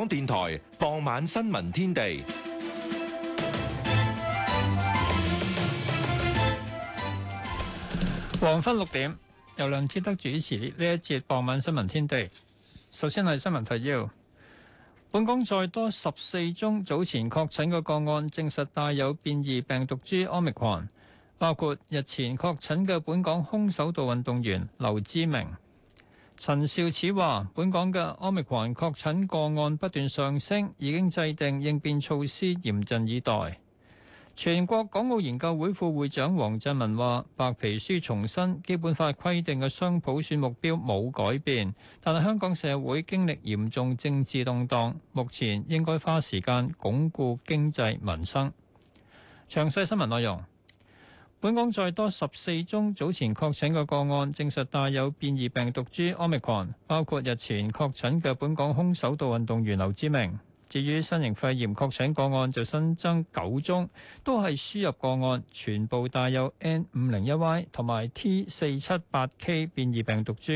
港電台傍晚新聞天地，黃昏六點由梁天德主持呢一節傍晚新聞天地。首先係新聞提要，本港再多十四宗早前確診嘅個案，證實帶有變異病毒株 Omicron，包括日前確診嘅本港空手道運動員劉志明。陳肇始話：本港嘅奧密克戎確診個案不斷上升，已經制定應變措施，嚴陣以待。全國港澳研究會副會長黃振文話：白皮書重申《基本法》規定嘅雙普選目標冇改變，但係香港社會經歷嚴重政治動盪，目前應該花時間鞏固經濟民生。詳細新聞內容。本港再多十四宗早前確診嘅個案，證實帶有變異病毒株 Omicron，包括日前確診嘅本港空手道運動員劉之明。至於新型肺炎確診個案就新增九宗，都係輸入個案，全部帶有 N 五零一 Y 同埋 T 四七八 K 變異病毒株。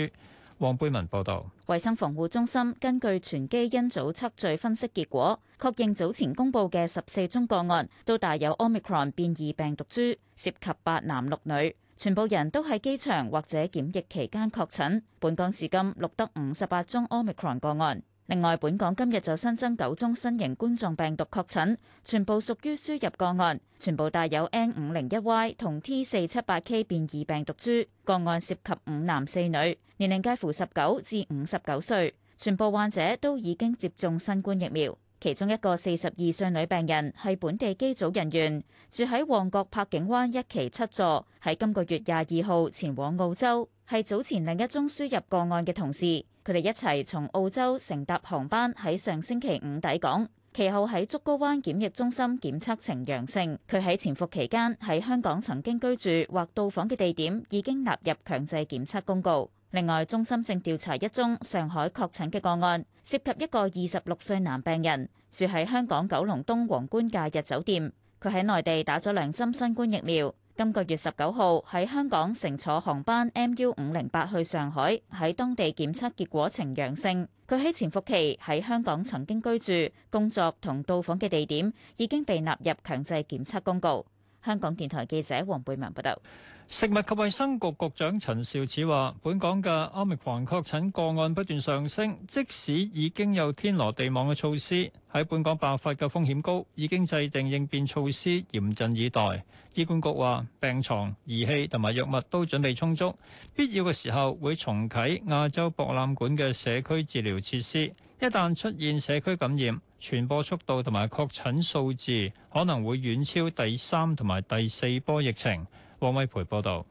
黃貝文報道，衛生防護中心根據全基因組測序分析結果，確認早前公布嘅十四宗個案都帶有 Omicron 變異病毒株，涉及八男六女，全部人都喺機場或者檢疫期間確診。本港至今錄得五十八宗 Omicron 個案。另外，本港今日就新增九宗新型冠狀病毒確診，全部屬於輸入個案，全部帶有 N 五零一 Y 同 T 四七八 K 變異病毒株，個案涉及五男四女，年齡介乎十九至五十九歲，全部患者都已經接種新冠疫苗。其中一個四十二歲女病人係本地機組人員，住喺旺角柏景灣一期七座，喺今個月廿二號前往澳洲，係早前另一宗輸入個案嘅同事。佢哋一齊從澳洲乘搭航班喺上星期五抵港，其後喺竹篙灣檢疫中心檢測呈陽性。佢喺潛伏期間喺香港曾經居住或到訪嘅地點已經納入強制檢測公告。另外，中心正調查一宗上海確診嘅個案，涉及一個二十六歲男病人，住喺香港九龍東皇冠假日酒店。佢喺內地打咗兩針新冠疫苗，今個月十九號喺香港乘坐航班 MU 五零八去上海，喺當地檢測結果呈陽性。佢喺潛伏期喺香港曾經居住、工作同到訪嘅地點，已經被納入強制檢測公告。香港電台記者黃貝文報道，食物及衛生局局長陳肇始話，本港嘅 Omicron 確診個案不斷上升，即使已經有天羅地網嘅措施，喺本港爆發嘅風險高，已經制定應變措施，嚴陣以待。醫管局話，病床、儀器同埋藥物都準備充足，必要嘅時候會重啟亞洲博覽館嘅社區治療設施。一旦出現社區感染，傳播速度同埋確診數字可能會遠超第三同埋第四波疫情。王偉培報道。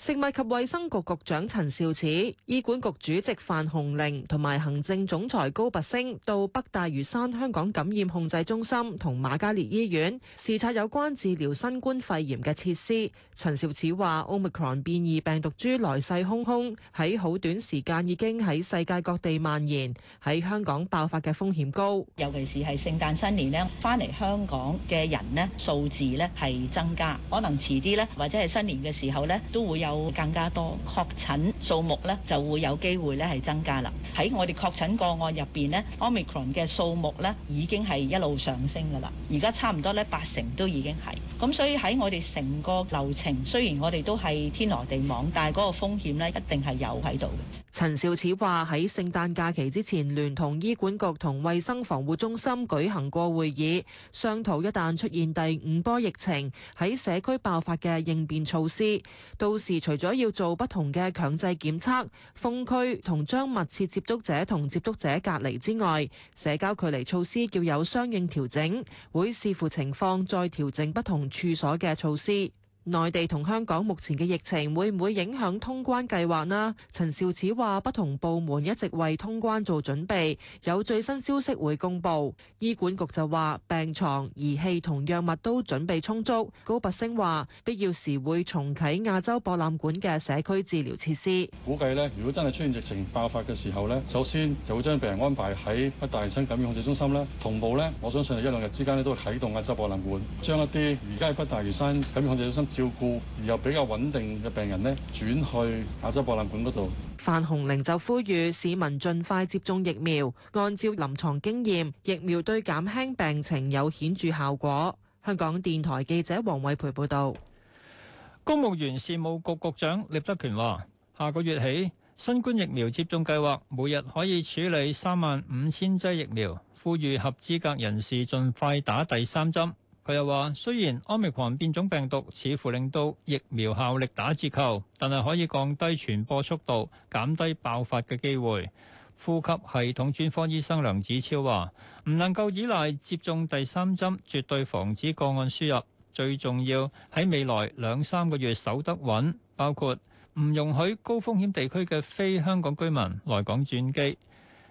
食物及衛生局局長陳肇始、醫管局主席范鴻齡同埋行政總裁高拔昇到北大嶼山香港感染控制中心同瑪嘉烈醫院視察有關治療新冠肺炎嘅設施。陳肇始話：Omicron 變異病毒株來勢洶洶，喺好短時間已經喺世界各地蔓延，喺香港爆發嘅風險高。尤其是係聖誕新年咧，翻嚟香港嘅人咧數字咧係增加，可能遲啲咧或者係新年嘅時候咧都會有。有更加多確診數目咧，就會有機會咧係增加啦。喺我哋確診個案入邊呢，Omicron 嘅數目咧已經係一路上升嘅啦。而家差唔多咧八成都已經係咁，所以喺我哋成個流程，雖然我哋都係天羅地網，但係嗰個風險咧一定係有喺度嘅。陳肇始話：喺聖誕假期之前，聯同醫管局同衞生防護中心舉行過會議，商討一旦出現第五波疫情喺社區爆發嘅應變措施，到時，除咗要做不同嘅強制檢測，封區同將密切接觸者同接觸者隔離之外，社交距離措施要有相應調整，會視乎情況再調整不同處所嘅措施。內地同香港目前嘅疫情會唔會影響通關計劃呢？陳肇始話：不同部門一直為通關做準備，有最新消息會公布。醫管局就話病床、儀器同藥物都準備充足。高拔昇話：必要時會重啟亞洲博覽館嘅社區治療設施。估計呢，如果真係出現疫情爆發嘅時候呢，首先就會將病人安排喺北大嶼山感染控制中心啦。同步呢，我相信一兩日之間呢都會啟動亞洲博覽館，將一啲而家喺北大嶼山感染控制中心。照顧而又比較穩定嘅病人呢，轉去亞洲博覽館嗰度。范宏玲就呼籲市民盡快接種疫苗，按照臨床經驗，疫苗對減輕病情有顯著效果。香港電台記者黃偉培報道。公務員事務局局、局長聶德權話，下個月起，新冠疫苗接種計劃每日可以處理三萬五千劑疫苗，呼籲合資格人士盡快打第三針。佢又話：雖然 Omicron 變種病毒似乎令到疫苗效力打折扣，但係可以降低傳播速度，減低爆發嘅機會。呼吸系統專科醫生梁子超話：唔能夠依賴接種第三針，絕對防止個案輸入。最重要喺未來兩三個月守得穩，包括唔容許高風險地區嘅非香港居民來港轉機。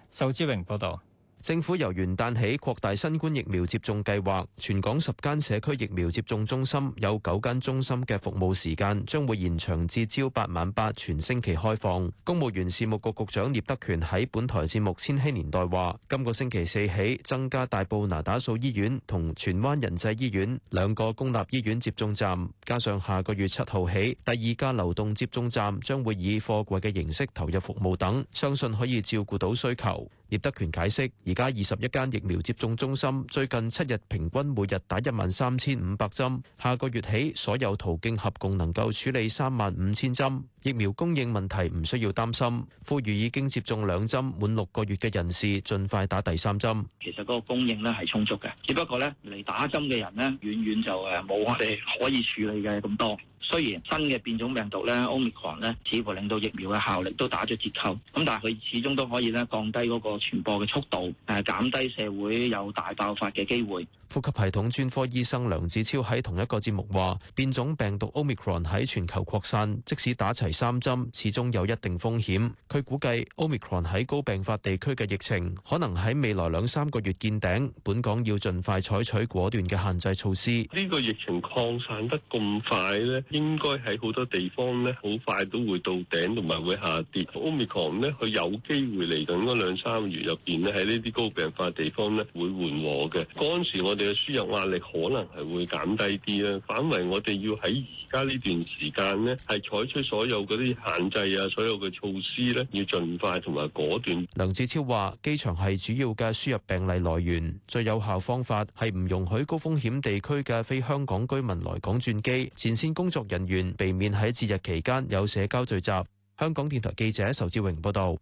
仇志榮報導。政府由元旦起擴大新冠疫苗接種計劃，全港十間社區疫苗接種中心有九間中心嘅服務時間將會延長至朝八晚八，全星期開放。公務員事務局局局長聶德權喺本台節目《千禧年代》話：今個星期四起增加大埔那打素醫院同荃灣仁濟醫院兩個公立醫院接種站，加上下個月七號起第二家流動接種站將會以貨櫃嘅形式投入服務等，相信可以照顧到需求。葉德權解釋，而家二十一間疫苗接種中心最近七日平均每日打一萬三千五百針，下個月起所有途徑合共能夠處理三萬五千針。疫苗供應問題唔需要擔心，呼籲已經接種兩針滿六個月嘅人士，盡快打第三針。其實嗰個供應咧係充足嘅，只不過咧嚟打針嘅人咧，遠遠就誒冇我哋可以處理嘅咁多。雖然新嘅變種病毒咧，Omicron 咧，似乎令到疫苗嘅效力都打咗折扣，咁但係佢始終都可以咧降低嗰個傳播嘅速度，誒減低社會有大爆發嘅機會。呼吸系統專科醫生梁子超喺同一個節目話：變種病毒 Omicron 喺全球擴散，即使打齊三針，始終有一定風險。佢估計 Omicron 喺高病發地區嘅疫情，可能喺未來兩三個月見頂。本港要盡快採取果斷嘅限制措施。呢個疫情擴散得咁快咧，應該喺好多地方咧，好快都會到頂同埋會下跌。Omicron 咧，佢有機會嚟緊嗰兩三個月入邊咧，喺呢啲高病發地方咧，會緩和嘅。嗰陣時我。我哋嘅輸入壓力可能係會減低啲啊！反為我哋要喺而家呢段時間呢，係採取所有嗰啲限制啊，所有嘅措施呢，要盡快同埋果斷。梁志超話：機場係主要嘅輸入病例來源，最有效方法係唔容許高風險地區嘅非香港居民來港轉機。前線工作人員避免喺節日期間有社交聚集。香港電台記者仇志榮報道，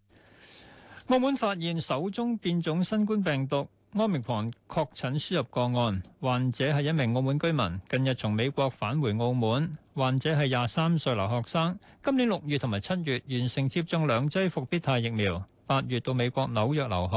澳門發現首宗變種新冠病毒。Omicron 確診輸入個案，患者係一名澳門居民，近日從美國返回澳門，患者係廿三歲留學生，今年六月同埋七月完成接種兩劑復必泰疫苗八月到美國紐約留學，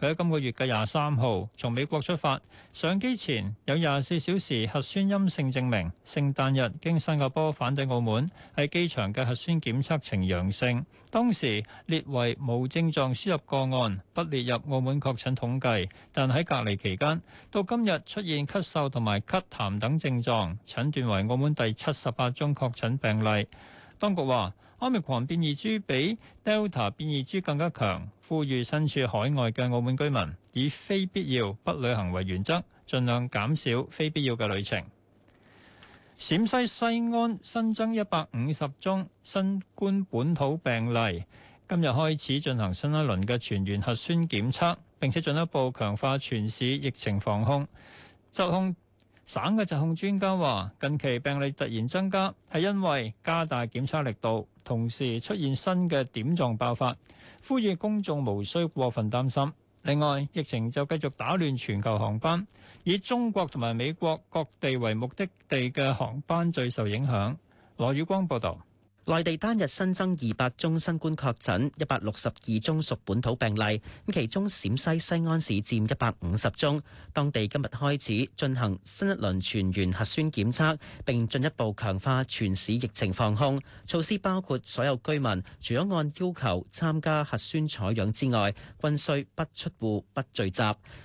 佢喺今個月嘅廿三號從美國出發，上機前有廿四小時核酸陰性證明。聖誕日經新加坡返抵澳門，喺機場嘅核酸檢測呈陽性，當時列為無症狀輸入個案，不列入澳門確診統計。但喺隔離期間，到今日出現咳嗽同埋咳痰等症狀，診斷為澳門第七十八宗確診病例。當局話，奧密克戎變異株比 Delta 變異株更加強，呼籲身處海外嘅澳門居民以非必要不旅行為原則，盡量減少非必要嘅旅程。陝西西安新增一百五十宗新冠本土病例，今日開始進行新一輪嘅全員核酸檢測，並且進一步強化全市疫情防控，執空。省嘅疾控專家話：近期病例突然增加，係因為加大檢測力度，同時出現新嘅點狀爆發。呼籲公眾無需過分擔心。另外，疫情就繼續打亂全球航班，以中國同埋美國各地為目的地嘅航班最受影響。羅宇光報導。內地單日新增二百宗新冠確診，一百六十二宗屬本土病例。咁其中，陝西西安市佔一百五十宗。當地今日開始進行新一輪全員核酸檢測，並進一步強化全市疫情防控措施，包括所有居民除咗按要求參加核酸採樣之外，均須不出戶、不聚集。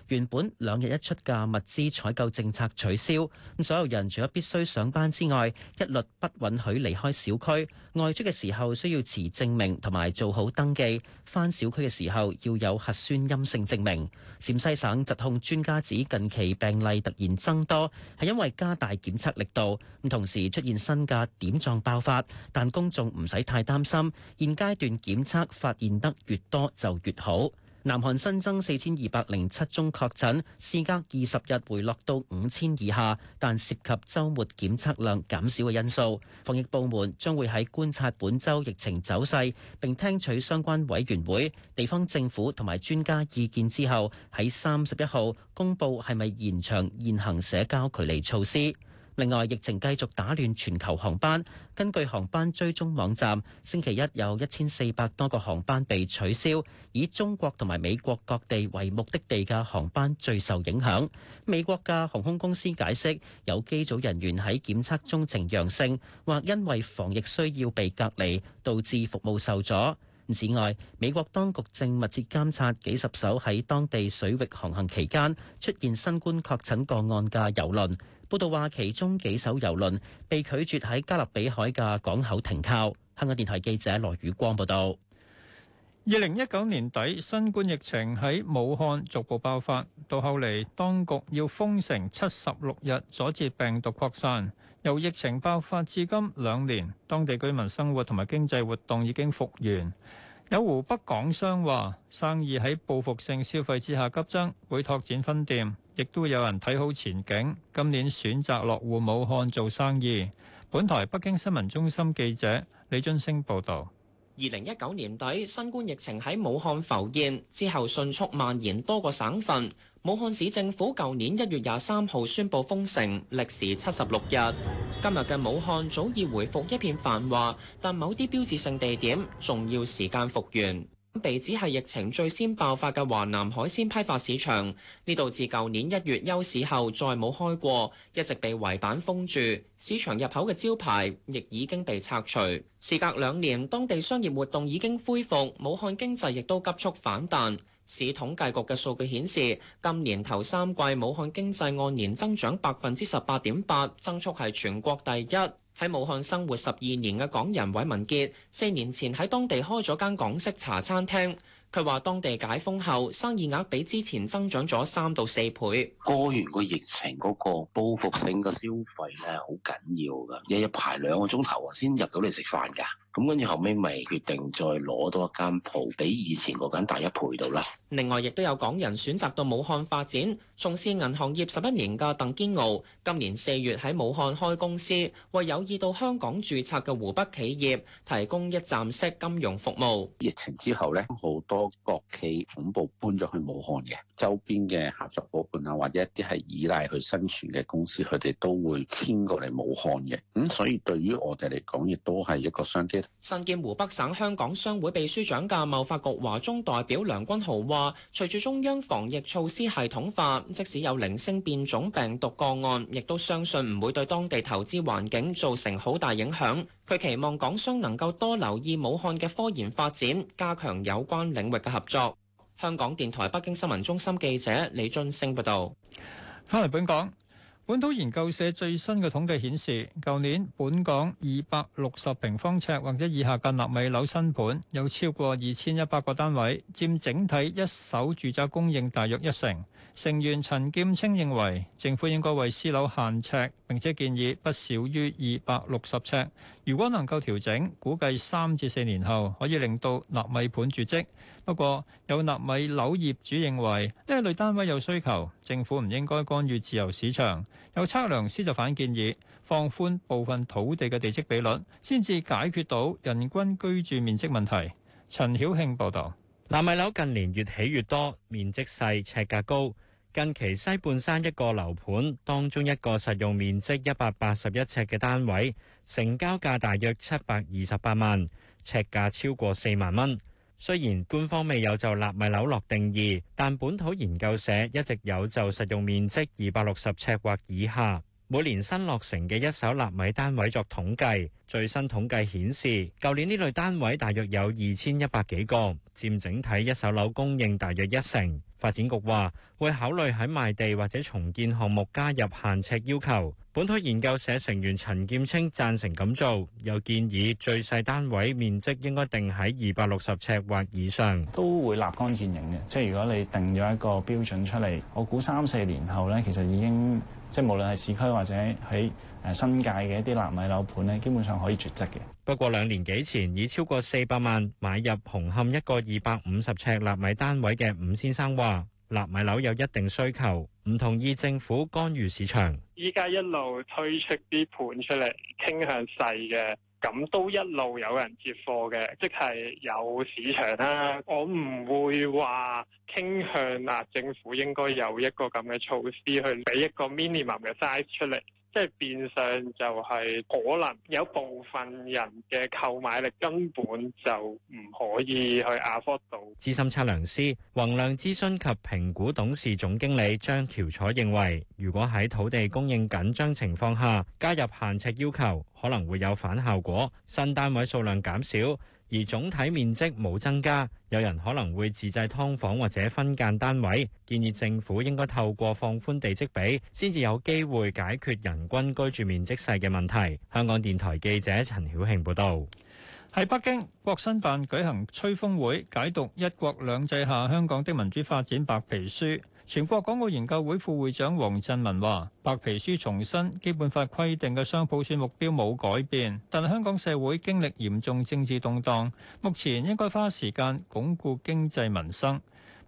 原本兩日一出嘅物資採購政策取消。所有人除咗必須上班之外，一律不允許離開小區。外出嘅時候需要持證明同埋做好登記，返小區嘅時候要有核酸陰性證明。陝西省疾控專家指近期病例突然增多，係因為加大檢測力度，同時出現新嘅點狀爆發，但公眾唔使太擔心。現階段檢測發現得越多就越好。南韓新增四千二百零七宗確診，事隔二十日回落到五千以下，但涉及週末檢測量減少嘅因素。防疫部門將會喺觀察本週疫情走勢，並聽取相關委員會、地方政府同埋專家意見之後，喺三十一號公佈係咪延長現行社交距離措施。另外，疫情繼續打亂全球航班。根據航班追蹤網站，星期一有一千四百多個航班被取消，以中國同埋美國各地為目的地嘅航班最受影響。美國嘅航空公司解釋，有機組人員喺檢測中呈陽性，或因為防疫需要被隔離，導致服務受阻。此外，美國當局正密切監察幾十艘喺當地水域航行期間出現新冠確診個案嘅遊輪。報道話，其中幾艘郵輪被拒絕喺加勒比海嘅港口停靠。香港電台記者羅宇光報道。二零一九年底，新冠疫情喺武漢逐步爆發，到後嚟當局要封城七十六日，阻截病毒擴散。由疫情爆發至今兩年，當地居民生活同埋經濟活動已經復原。有湖北港商話生意喺報復性消費之下急增，會拓展分店，亦都有人睇好前景，今年選擇落戶武漢做生意。本台北京新聞中心記者李津升報道。二零一九年底，新冠疫情喺武漢浮現之後迅速蔓延多個省份。武漢市政府舊年一月廿三號宣布封城，歷時七十六日。今日嘅武漢早已回復一片繁華，但某啲標誌性地點仲要時間復原。被指係疫情最先爆發嘅華南海鮮批發市場，呢度自舊年一月休市後再冇開過，一直被圍板封住。市場入口嘅招牌亦已經被拆除。時隔兩年，當地商業活動已經恢復，武漢經濟亦都急速反彈。市統計局嘅數據顯示，今年頭三季武漢經濟按年增長百分之十八點八，增速係全國第一。喺武漢生活十二年嘅港人韋文傑，四年前喺當地開咗間港式茶餐廳。佢話：當地解封後，生意額比之前增長咗三到四倍。過完個疫情，嗰個報復性嘅消費咧，好緊要㗎，日日排兩個鐘頭啊，先入到嚟食飯㗎。咁跟住後尾咪決定再攞多間鋪，比以前嗰間大一倍到啦。另外，亦都有港人選擇到武漢發展。從事銀行業十一年嘅鄧堅傲，今年四月喺武漢開公司，為有意到香港註冊嘅湖北企業提供一站式金融服務。疫情之後咧，好多，國企總部搬咗去武漢嘅周邊嘅合作伙伴啊，或者一啲係依賴佢生存嘅公司，佢哋都會遷過嚟武漢嘅。咁、嗯、所以對於我哋嚟講，亦都係一個商機。身兼湖北省香港商會秘書長嘅貿發局華中代表梁君豪話，隨住中央防疫措施系統化，即使有零星變種病毒個案，亦都相信唔會對當地投資環境造成好大影響。佢期望港商能夠多留意武漢嘅科研發展，加強有關領域嘅合作。香港電台北京新聞中心記者李津星報道。翻嚟本港，本土研究社最新嘅統計顯示，舊年本港二百六十平方尺或者以下嘅納米樓新盤有超過二千一百個單位，佔整體一手住宅供應大約一成。成員陳劍青認為，政府應該為私樓限尺，並且建議不少於二百六十尺。如果能夠調整，估計三至四年後可以令到納米盤絕跡。不過，有納米樓業主認為呢一類單位有需求，政府唔應該干預自由市場。有測量師就反建議放寬部分土地嘅地積比率，先至解決到人均居住面積問題。陳曉慶報導，納米樓近年越起越多，面積細，尺價高。近期西半山一個樓盤當中一個實用面積一百八十一尺嘅單位，成交價大約七百二十八萬，尺價超過四萬蚊。雖然官方未有就納米樓落定義，但本土研究社一直有就實用面積二百六十尺或以下，每年新落成嘅一手納米單位作統計。最新統計顯示，舊年呢類單位大約有二千一百幾個。佔整體一手樓供應大約一成。發展局話會考慮喺賣地或者重建項目加入限尺要求。本土研究社成員陳劍青贊成咁做，又建議最細單位面積應該定喺二百六十尺或以上，都會立竿見影嘅。即係如果你定咗一個標準出嚟，我估三四年後呢，其實已經即係無論係市區或者喺。誒，新界嘅一啲納米樓盤咧，基本上可以絕跡嘅。不過兩年幾前以超過四百萬買入紅磡一個二百五十尺納米單位嘅伍先生話：納米樓有一定需求，唔同意政府干預市場。依家一路推出啲盤出嚟，傾向細嘅，咁都一路有人接貨嘅，即係有市場啦、啊。我唔會話傾向啊，政府應該有一個咁嘅措施去俾一個 minimum 嘅 size 出嚟。即係變相就係可能有部分人嘅購買力根本就唔可以去 afford 到。資深測量師、宏量諮詢及評估董事總經理張喬楚認為，如果喺土地供應緊張情況下加入限尺要求，可能會有反效果，新單位數量減少。而總體面積冇增加，有人可能會自製劏房或者分間單位。建議政府應該透過放寬地積比，先至有機會解決人均居住面積細嘅問題。香港電台記者陳曉慶報道。喺北京，國新辦舉行吹風會，解讀《一國兩制下香港的民主發展白皮書》。全國港澳研究會副會長黃振文話：白皮書重申《基本法》規定嘅雙普選目標冇改變，但香港社會經歷嚴重政治動盪，目前應該花時間鞏固經濟民生。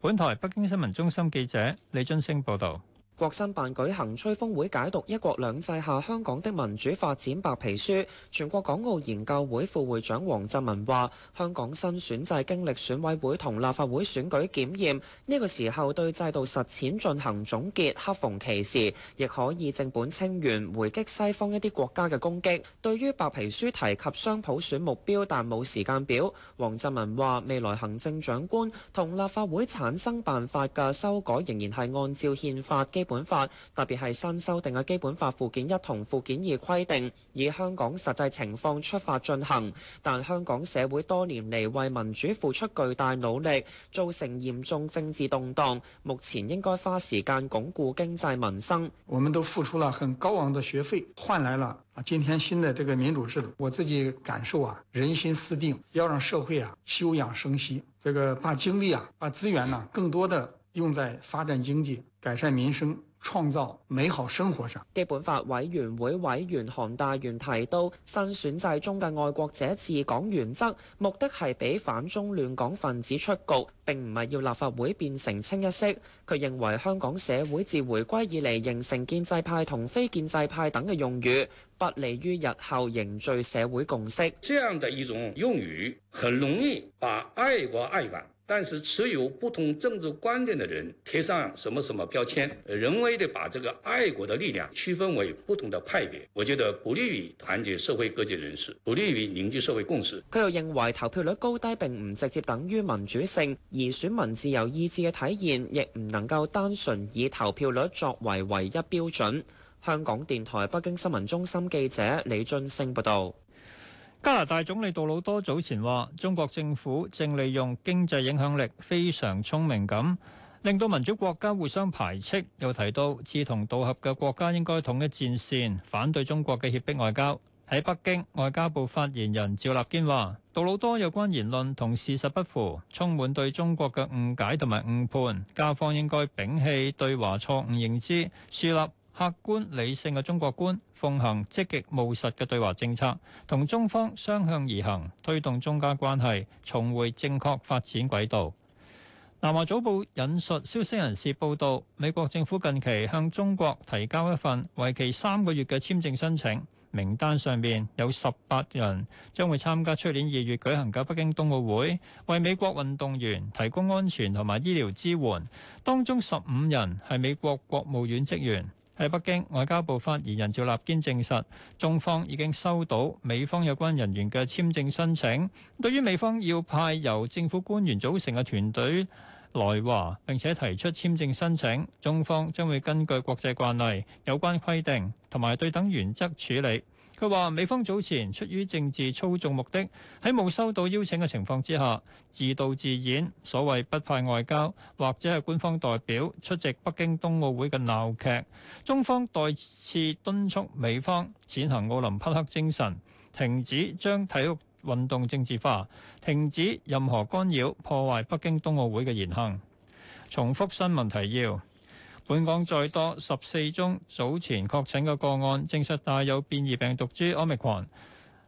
本台北京新聞中心記者李俊升報導。國新辦舉行吹風會，解讀《一國兩制下香港的民主發展》白皮書。全國港澳研究會副會長黃振文話：香港新選制經歷選委會同立法會選舉檢驗，呢個時候對制度實踐進行總結，恰逢其時，亦可以正本清源，回擊西方一啲國家嘅攻擊。對於白皮書提及雙普選目標，但冇時間表，黃振文話：未來行政長官同立法會產生辦法嘅修改，仍然係按照憲法基本法特別係新修訂嘅基本法附件一同附件二規定，以香港實際情況出發進行。但香港社會多年嚟為民主付出巨大努力，造成嚴重政治動蕩。目前應該花時間鞏固經濟民生。我們都付出了很高昂的學費，換來了啊，今天新的這個民主制度。我自己感受啊，人心思定，要讓社會啊休養生息，這個把精力啊、把資源呢、啊，更多的。用在發展經濟、改善民生、創造美好生活上。基本法委員會委員韓大元提到，新選制中嘅愛國者治港原則，目的係俾反中亂港分子出局，并唔係要立法會變成清一色。佢認為香港社會自回歸以嚟形成建制派同非建制派等嘅用語，不利於日後凝聚社會共識。這樣的一種用語，很容易把愛國愛港。但是持有不同政治觀點的人貼上什麼什麼標籤，人為地把這個愛國的力量區分為不同的派別，我覺得不利於團結社會各界人士，不利於凝聚社會共識。佢又認為投票率高低並唔直接等於民主性，而選民自由意志嘅體現亦唔能夠單純以投票率作為唯一標準。香港電台北京新聞中心記者李俊升報道。加拿大總理杜魯多早前話：中國政府正利用經濟影響力，非常聰明咁，令到民主國家互相排斥。又提到志同道合嘅國家應該統一戰線，反對中國嘅脅迫外交。喺北京，外交部發言人趙立堅話：杜魯多有關言論同事實不符，充滿對中國嘅誤解同埋誤判，加方應該摒棄對華錯誤認知，樹立客觀理性嘅中國觀，奉行積極務實嘅對華政策，同中方相向而行，推動中加關係重回正確發展軌道。《南華早報》引述消息人士報道，美國政府近期向中國提交一份為期三個月嘅簽證申請，名單上面有十八人將會參加出年二月舉行嘅北京冬奧會，為美國運動員提供安全同埋醫療支援。當中十五人係美國國務院職員。喺北京，外交部發言人趙立堅證實，中方已經收到美方有關人員嘅簽證申請，對於美方要派由政府官員組成嘅團隊來華並且提出簽證申請，中方將會根據國際慣例，有關規定同埋對等原則處理。佢話：美方早前出於政治操縱目的，喺冇收到邀請嘅情況之下，自導自演所謂不派外交或者係官方代表出席北京冬奧會嘅鬧劇。中方再次敦促美方踐行奧林匹克精神，停止將體育運動政治化，停止任何干擾破壞北京冬奧會嘅言行。重複新聞提要。本港再多十四宗早前確診嘅個案，證實帶有變異病毒株奧密克戎，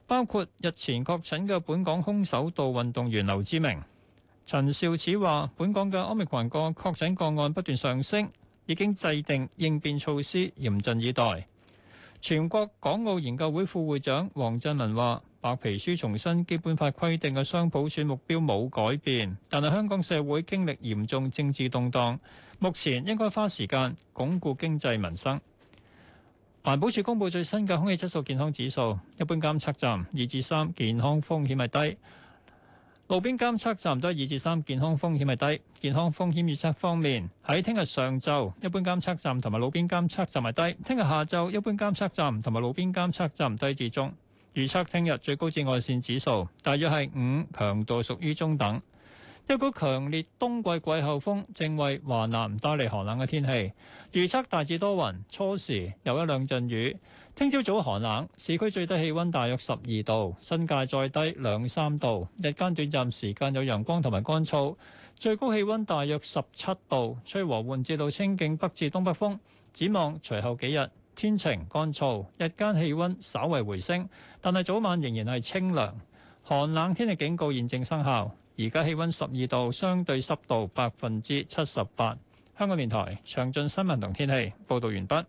包括日前確診嘅本港空手道運動員劉志明。陳肇始話：本港嘅奧密克戎個確診個案不斷上升，已經制定應變措施，嚴陣以待。全國港澳研究會副會長王振民話：白皮書重申《基本法》規定嘅雙普選目標冇改變，但係香港社會經歷嚴重政治動盪。目前應該花時間鞏固經濟民生。環保署公佈最新嘅空氣質素健康指數，一般監測站二至三，健康風險係低；路邊監測站都係二至三，健康風險係低。健康風險預測方面，喺聽日上晝，一般監測站同埋路邊監測站係低；聽日下晝，一般監測站同埋路邊監測站低至中。預測聽日最高紫外線指數大約係五，強度屬於中等。一股強烈冬季季候風正為華南帶嚟寒冷嘅天氣，預測大致多雲，初時有一兩陣雨。聽朝早寒冷，市區最低氣温大約十二度，新界再低兩三度。日間短暫時間有陽光同埋乾燥，最高氣温大約十七度，吹和緩至到清勁北至東北風。展望隨後幾日天晴乾燥，日間氣温稍為回升，但係早晚仍然係清涼。寒冷天氣警告現正生效。而家氣溫十二度，相對濕度百分之七十八。香港電台詳盡新聞同天氣報道完畢。